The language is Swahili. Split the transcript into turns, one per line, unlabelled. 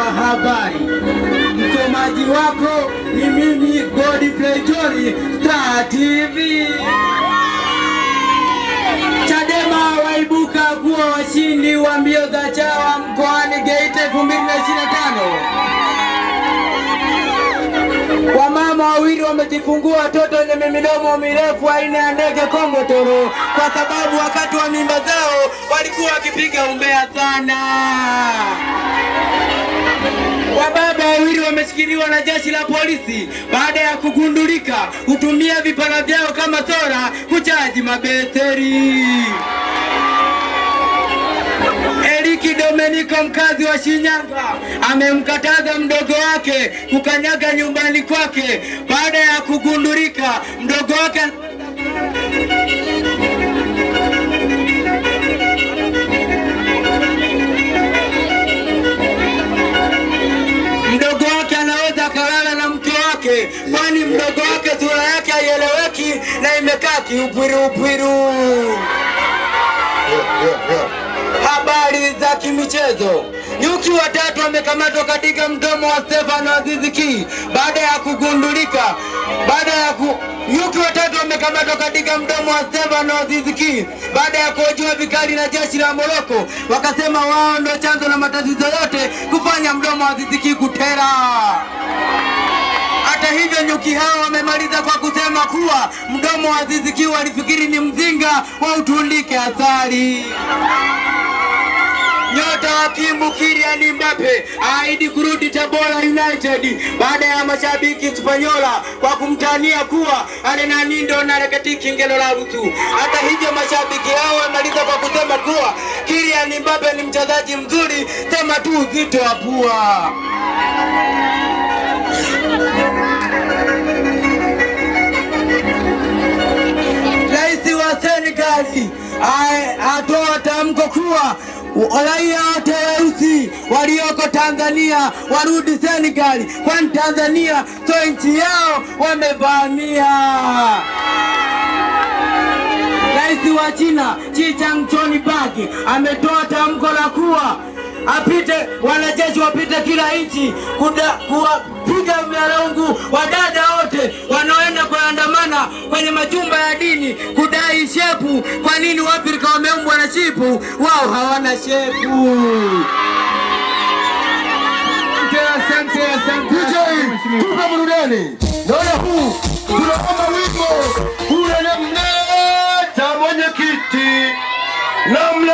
wa habari. Msomaji wako ni mimi Godfrey John, Star TV. Chadema waibuka kuwa washindi wa mbio za Chawa mkoani Geita 2025. Wamama wawili wamejifungua watoto wenye midomo mirefu aina ya ndege kongotoro, kwa sababu wakati wa mimba zao walikuwa wakipiga umbea sana. Wababa wawili wameshikiliwa na jeshi la polisi baada ya kugundulika kutumia vipara vyao kama sola kuchaji mabeteri. Eriki Domeniko mkazi wa Shinyanga amemkataza mdogo wake kukanyaga nyumbani kwake baada ya kugundulika mdogo wake kwani mdogo wake sura yake haieleweki na imekaa kiupwiruupwiru. Habari za kimichezo. Nyuki watatu wamekamatwa katika mdomo wa Stefano Aziz Ki baada ya kugundulika baada ya ku... Nyuki watatu wamekamatwa katika mdomo wa Stefano Aziz Ki baada ya kuhojiwa vikali na jeshi la Moroko. Wakasema wao ndio chanzo na matatizo yote kufanya mdomo wa Aziz Ki kutera. Manyuki hao wamemaliza kwa kusema kuwa mdomo wa Azizi Ki walifikiri ni mzinga wa utundike asali. Nyota wa Kibu Kylian Mbappe aahidi kurudi Tabora United baada ya mashabiki Spanyola kwa kumtania kuwa alenanindo narekati kingelo la mtu. Hata hivyo, mashabiki hao wamaliza kwa kusema kuwa Kylian Mbappe ni mchezaji mzuri, sema tu uzito wa pua. atoa tamko kuwa raia wote weusi walioko Tanzania warudi Senegal, kwani Tanzania sio nchi yao, wamevamia. Rais wa China Xi Jinping baki ametoa tamko la kuwa apite wanajeshi wapite kila nchi kuwapiga mlolongo wadada wote wanaoenda kuandamana kwenye majumba ya dini kuda shepu. Kwa nini Waafrika wameumbwa na shepu, wao hawana shepu?
Tupe burudani, naona huu tunaomba wimbo mwenyekiti namna